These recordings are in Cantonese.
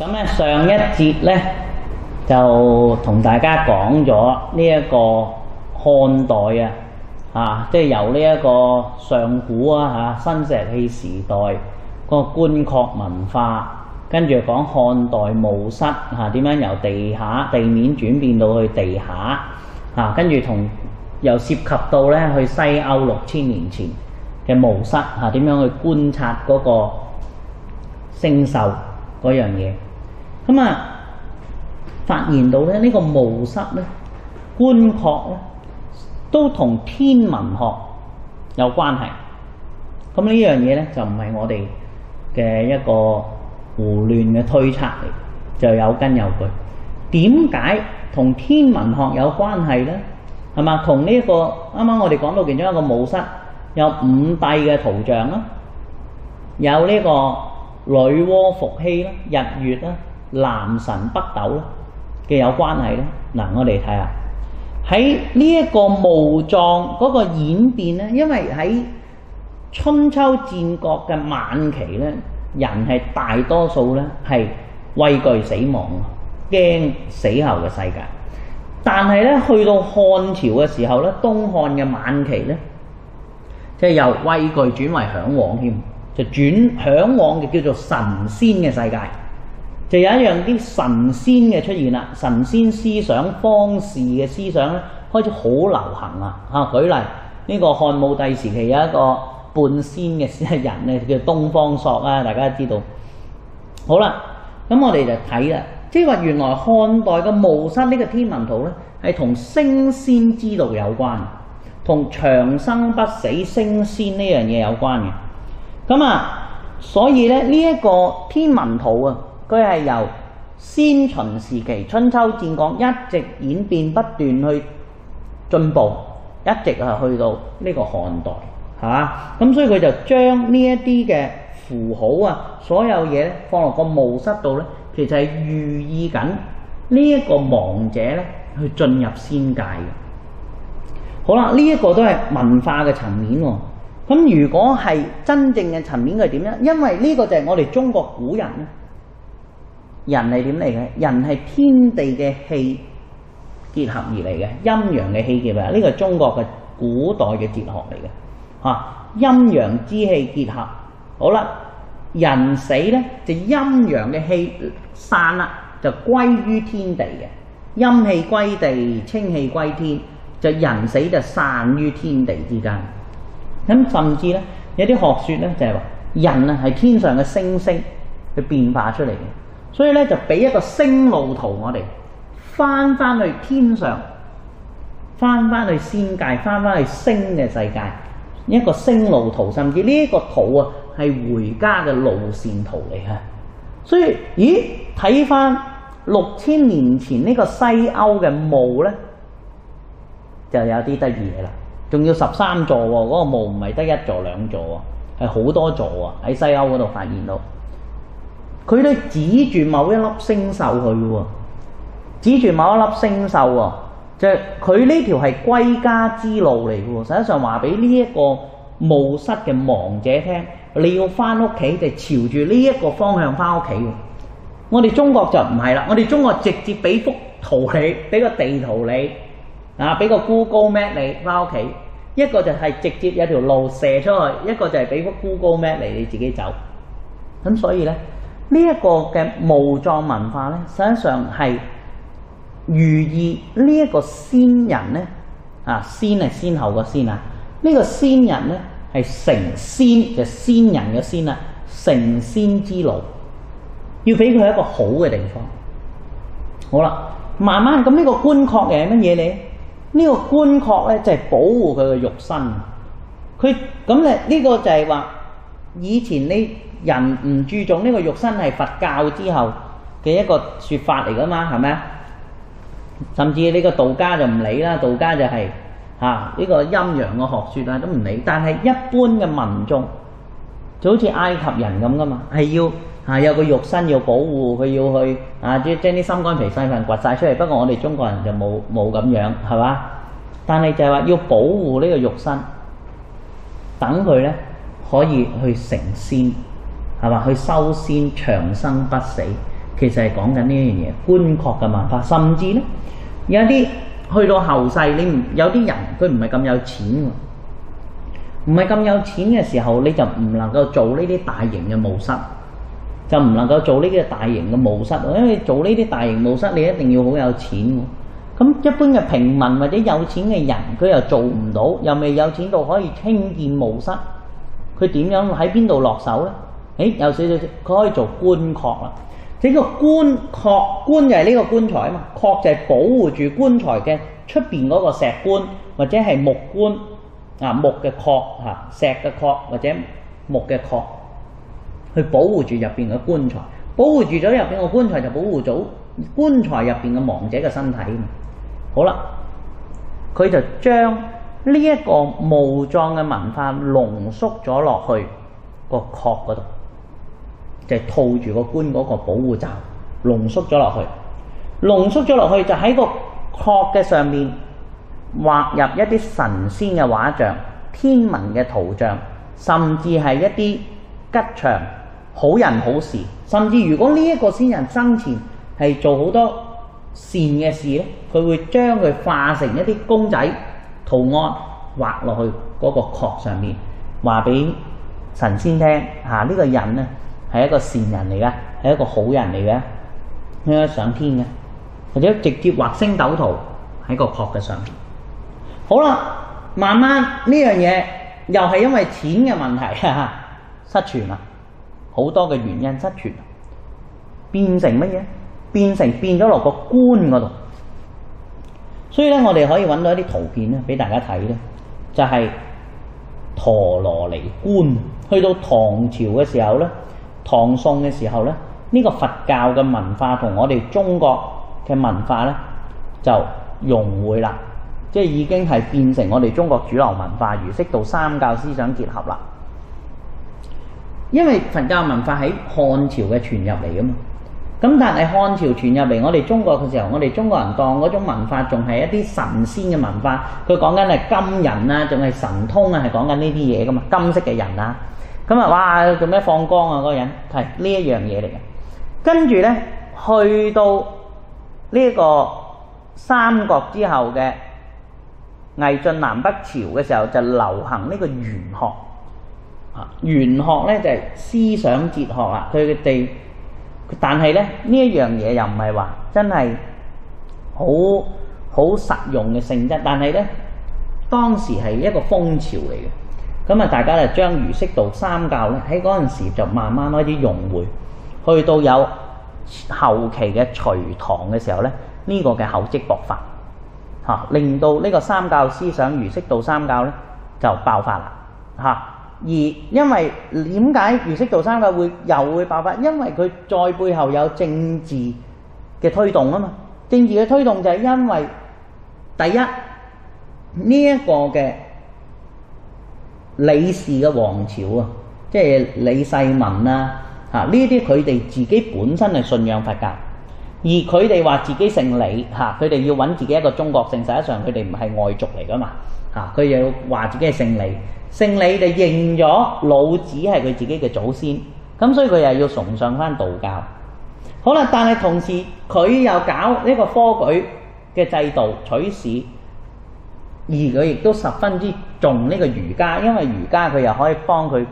咁咧上一節咧就同大家講咗呢一個漢代啊，啊即係由呢一個上古啊嚇、啊、新石器時代、嗰個棺槨文化，跟住講漢代墓室嚇點樣由地下地面轉變到去地下嚇、啊，跟住同又涉及到咧去西歐六千年前嘅墓室嚇點樣去觀察嗰個星宿嗰樣嘢。咁啊，發現到咧呢個墓室咧，棺槨咧，都同天文學有關係。咁呢樣嘢咧就唔係我哋嘅一個胡亂嘅推測嚟，就有根有據。點解同天文學有關係咧？係嘛？同呢一個啱啱我哋講到其中一個墓室有五帝嘅圖像啦，有呢個女媧伏羲啦、日月啦。南神北斗咧，嘅有關係咧。嗱，我哋睇下喺呢一個墓葬嗰個演變咧，因為喺春秋戰國嘅晚期咧，人係大多數咧係畏懼死亡，驚死後嘅世界。但係咧，去到漢朝嘅時候咧，東漢嘅晚期咧，即係由畏懼轉為嚮往添，就轉嚮往嘅叫做神仙嘅世界。就有一樣啲神仙嘅出現啦，神仙思想、方士嘅思想咧，開始好流行啦。嚇，舉例呢個漢武帝時期有一個半仙嘅人咧，叫東方朔啦，大家知道。好啦，咁我哋就睇啦，即係話原來漢代嘅巫山呢個天文圖咧，係同升仙之道有關，同長生不死、升仙呢樣嘢有關嘅。咁啊，所以咧呢一個天文圖啊。佢係由先秦時期、春秋戰國一直演變，不斷去進步，一直係去到呢個漢代，係嘛？咁所以佢就將呢一啲嘅符號啊，所有嘢放落個墓室度咧，其實係寓意緊呢一個亡者咧去進入仙界嘅。好啦，呢一個都係文化嘅層面喎。咁如果係真正嘅層面，佢點咧？因為呢個就係我哋中國古人。人係點嚟嘅？人係天地嘅氣結合而嚟嘅，陰陽嘅氣結合。呢個中國嘅古代嘅哲學嚟嘅。嚇、啊，陰陽之氣結合。好啦，人死呢，就陰陽嘅氣散啦，就歸於天地嘅。陰氣歸地，清氣歸天，就人死就散於天地之間。咁甚至呢，有啲學説呢，就係話，人啊係天上嘅星星，去變化出嚟嘅。所以咧，就俾一個星路圖我哋翻翻去天上，翻翻去仙界，翻翻去星嘅世界，一個星路圖。甚至呢個圖啊，係回家嘅路線圖嚟嘅。所以，咦？睇翻六千年前呢個西歐嘅墓咧，就有啲得意嘢啦。仲要十三座喎，嗰個墓唔係得一座兩座喎，係好多座啊！喺西歐嗰度發現到。佢都指住某一粒星宿去嘅喎，指住某一粒星宿喎，就係佢呢條係歸家之路嚟嘅喎。實際上話俾呢一個霧失嘅亡者聽，你要翻屋企就朝住呢一個方向翻屋企嘅。我哋中國就唔係啦，我哋中國直接俾幅圖你，俾個地圖你，啊，俾個 Google Map 你翻屋企。一個就係直接有條路射出去，一個就係俾幅 Google Map 你你自己走。咁所以呢。呢一個嘅墓葬文化咧，實際上係寓意呢一個先人咧，啊先係先後個先。啊，呢、這個先人咧係成仙，就係、先人嘅仙啦，成仙之路要俾佢一個好嘅地方。好啦，慢慢咁呢、這個棺椁嘅係乜嘢咧？呢個棺椁咧就係保護佢嘅肉身，佢咁咧呢個就係話。以前你人唔注重呢個肉身係佛教之後嘅一個說法嚟噶嘛，係咪啊？甚至呢個道家就唔理啦，道家就係吓呢個陰陽嘅學說啊，都唔理。但係一般嘅民眾就好似埃及人咁噶嘛，係要吓有個肉身要保護，佢要去啊，即係將啲心肝脾肺腎掘晒出嚟。不過我哋中國人就冇冇咁樣，係嘛？但係就係話要保護呢個肉身，等佢咧。可以去成仙，係嘛？去修仙、長生不死，其實係講緊呢一樣嘢棺槨嘅文化。甚至呢，有啲去到後世，你唔有啲人佢唔係咁有錢喎，唔係咁有錢嘅時候，你就唔能夠做呢啲大型嘅墓室，就唔能夠做呢啲大型嘅墓室。因為做呢啲大型墓室，你一定要好有錢的。咁一般嘅平民或者有錢嘅人，佢又做唔到，又未有錢到可以興建墓室。佢點樣喺邊度落手咧？誒，有少少，佢可以做棺槨啦。整個棺槨，棺就係呢個棺材啊嘛，槨就係保護住棺材嘅出邊嗰個石棺或者係木棺啊，木嘅槨嚇、石嘅槨或者木嘅槨去保護住入邊嘅棺材，保護住咗入邊嘅棺材就保護到棺材入邊嘅亡者嘅身體啊嘛。好啦，佢就將。呢一個墓葬嘅文化濃縮咗落去個殼嗰度，就係套住個棺嗰個保護罩，濃縮咗落去，濃縮咗落去就喺個殼嘅上面畫入一啲神仙嘅畫像、天文嘅圖像，甚至係一啲吉祥、好人好事。甚至如果呢一個先人生前係做好多善嘅事咧，佢會將佢化成一啲公仔。圖案畫落去嗰個殼上面，話俾神仙聽吓，呢、啊這個人呢，係一個善人嚟嘅，係一個好人嚟嘅，應該上天嘅，或者直接畫星斗圖喺個殼嘅上面。好啦，慢慢呢樣嘢又係因為錢嘅問題哈哈失傳啦，好多嘅原因失傳，變成乜嘢？變成變咗落個棺嗰度。所以咧，我哋可以揾到一啲圖片咧，俾大家睇咧，就係陀羅尼觀。去到唐朝嘅時候咧，唐宋嘅時候咧，呢、這個佛教嘅文化同我哋中國嘅文化咧，就融會啦，即係已經係變成我哋中國主流文化，儒釋道三教思想結合啦。因為佛教文化喺漢朝嘅傳入嚟嘛。咁但係漢朝傳入嚟我哋中國嘅時候，我哋中國人當嗰種文化仲係一啲神仙嘅文化，佢講緊係金人啊，仲係神通啊，係講緊呢啲嘢㗎嘛，金色嘅人啊，咁、嗯、啊哇做咩放光啊嗰個人，係呢一樣嘢嚟嘅。跟住咧，去到呢一個三國之後嘅魏晉南北朝嘅時候，就流行呢個玄學啊，玄學咧就係、是、思想哲學啦，佢哋。但係咧，呢一樣嘢又唔係話真係好好實用嘅性質。但係咧，當時係一個風潮嚟嘅。咁啊，大家咧將儒釋道三教咧喺嗰陣時就慢慢開始融會，去到有後期嘅隋唐嘅時候咧，呢、這個嘅厚積薄發嚇，令到呢個三教思想、儒釋道三教咧就爆發啦嚇。而因為點解粵式做生意會又會爆發？因為佢在背後有政治嘅推動啊嘛！政治嘅推動就係因為第一呢一個嘅李氏嘅王朝啊，即係李世民啊，嚇，呢啲佢哋自己本身係信仰佛教。而佢哋話自己姓李吓，佢哋要揾自己一個中國姓。實際上佢哋唔係外族嚟噶嘛吓，佢又要話自己係姓李。姓李就認咗老子係佢自己嘅祖先，咁所以佢又要崇尚翻道教。好啦，但係同時佢又搞呢個科舉嘅制度取士，而佢亦都十分之重呢個儒家，因為儒家佢又可以幫佢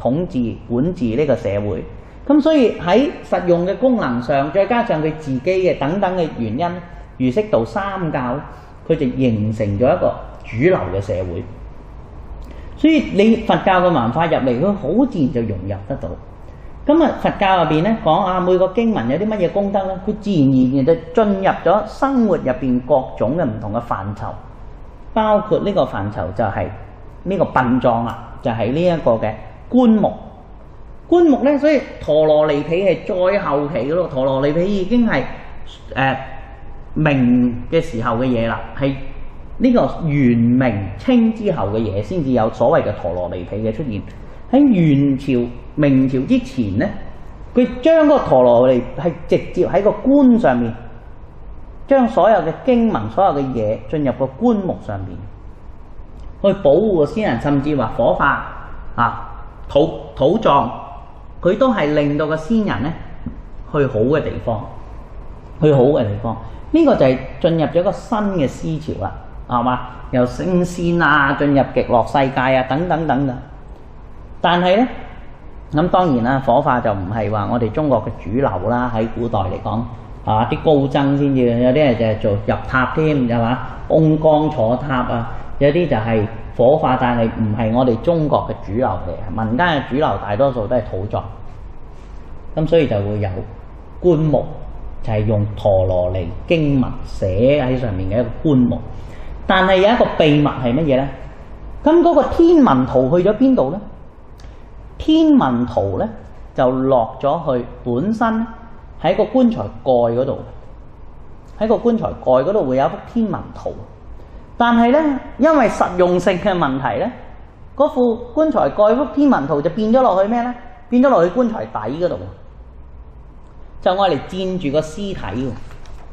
統治管治呢個社會。咁所以喺實用嘅功能上，再加上佢自己嘅等等嘅原因，儒釋道三教佢就形成咗一個主流嘅社會。所以你佛教嘅文化入嚟，佢好自然就融入得到。咁啊，佛教入面咧講啊，每個經文有啲乜嘢功德咧，佢自然而然就進入咗生活入面各種嘅唔同嘅範疇，包括呢個範疇就係呢個殯葬啦，就係呢一個嘅棺木。棺木咧，所以陀羅尼被係再後期嘅咯，陀羅尼被已經係誒、呃、明嘅時候嘅嘢啦，係呢個元明清之後嘅嘢先至有所謂嘅陀羅尼被嘅出現。喺元朝、明朝之前咧，佢將個陀羅尼係直接喺個棺上面，將所有嘅經文、所有嘅嘢進入個棺木上面，去保護先人，甚至話火化啊、土土葬。佢都係令到個先人咧去好嘅地方，去好嘅地方。呢、這個就係進入咗一個新嘅思潮啦，係嘛？又升仙啊，進入極樂世界啊，等等等噶。但係咧，咁當然啦，火化就唔係話我哋中國嘅主流啦。喺古代嚟講，啊啲高僧先至有啲係就係做入塔添，係嘛？甕缸坐塔啊，有啲就係、是。火化，但係唔係我哋中國嘅主流嚟，民間嘅主流大多數都係土葬。咁所以就會有棺木，就係、是、用陀羅尼經文寫喺上面嘅一個棺木。但係有一個秘密係乜嘢呢？咁嗰個天文圖去咗邊度呢？天文圖呢，就落咗去本身喺個棺材蓋嗰度，喺個棺材蓋嗰度會有一幅天文圖。但係呢，因為實用性嘅問題呢，嗰副棺材蓋嗰天文圖就變咗落去咩咧？變咗落去棺材底嗰度，就攞嚟墊住個屍體喎，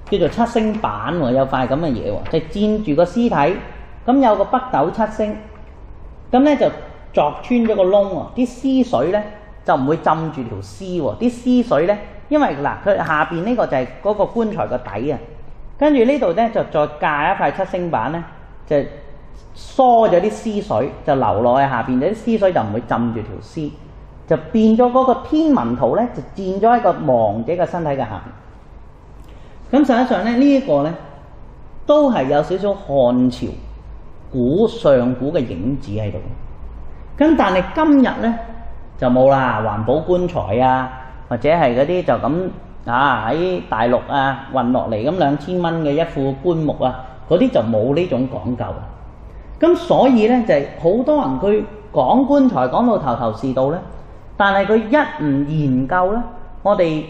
叫做七星板喎，有塊咁嘅嘢喎，就墊住個屍體。咁有個北斗七星，咁呢就鑿穿咗個窿喎，啲屍水呢，就唔會浸住條屍喎，啲屍水呢，因為嗱佢下面呢個就係嗰個棺材個底。跟住呢度咧，就再架一塊七星板咧，就疏咗啲絲水，就流落去下邊，啲絲水就唔會浸住條絲，就變咗嗰個天文圖咧，就佔咗一個亡者嘅身體嘅下邊。咁實際上咧，這個、呢一個咧都係有少少漢朝古上古嘅影子喺度。咁但係今日咧就冇啦，環保棺材啊，或者係嗰啲就咁。啊！喺大陸啊，運落嚟咁兩千蚊嘅一副棺木啊，嗰啲就冇呢種講究。咁所以呢，就係好多人佢講棺材講到頭頭是道呢。但係佢一唔研究呢，我哋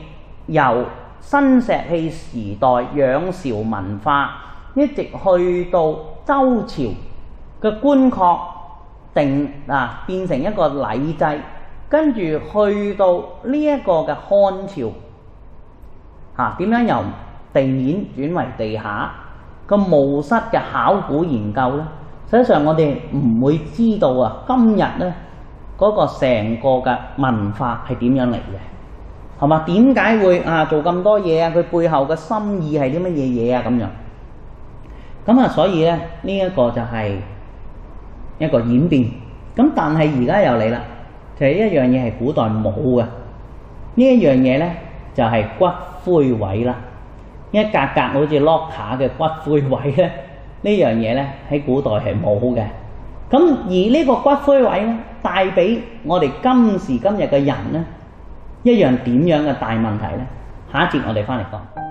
由新石器時代仰韶文化一直去到周朝嘅棺確定嗱、啊、變成一個禮制，跟住去到呢一個嘅漢朝。啊！點樣由地面轉為地下個墓室嘅考古研究咧？實際上我哋唔會知道啊！今日咧嗰個成個嘅文化係點樣嚟嘅？係嘛？點解會啊做咁多嘢啊？佢背後嘅心意係啲乜嘢嘢啊？咁樣咁啊！所以咧呢一個就係一個演變。咁但係而家又嚟啦！其實一樣嘢係古代冇嘅，呢一樣嘢咧。就係骨灰位啦，一格格好似 lock 下嘅骨灰位咧，呢樣嘢咧喺古代係冇嘅。咁而呢個骨灰位咧，帶俾我哋今時今日嘅人咧，一樣點樣嘅大問題咧？下一節我哋翻嚟講。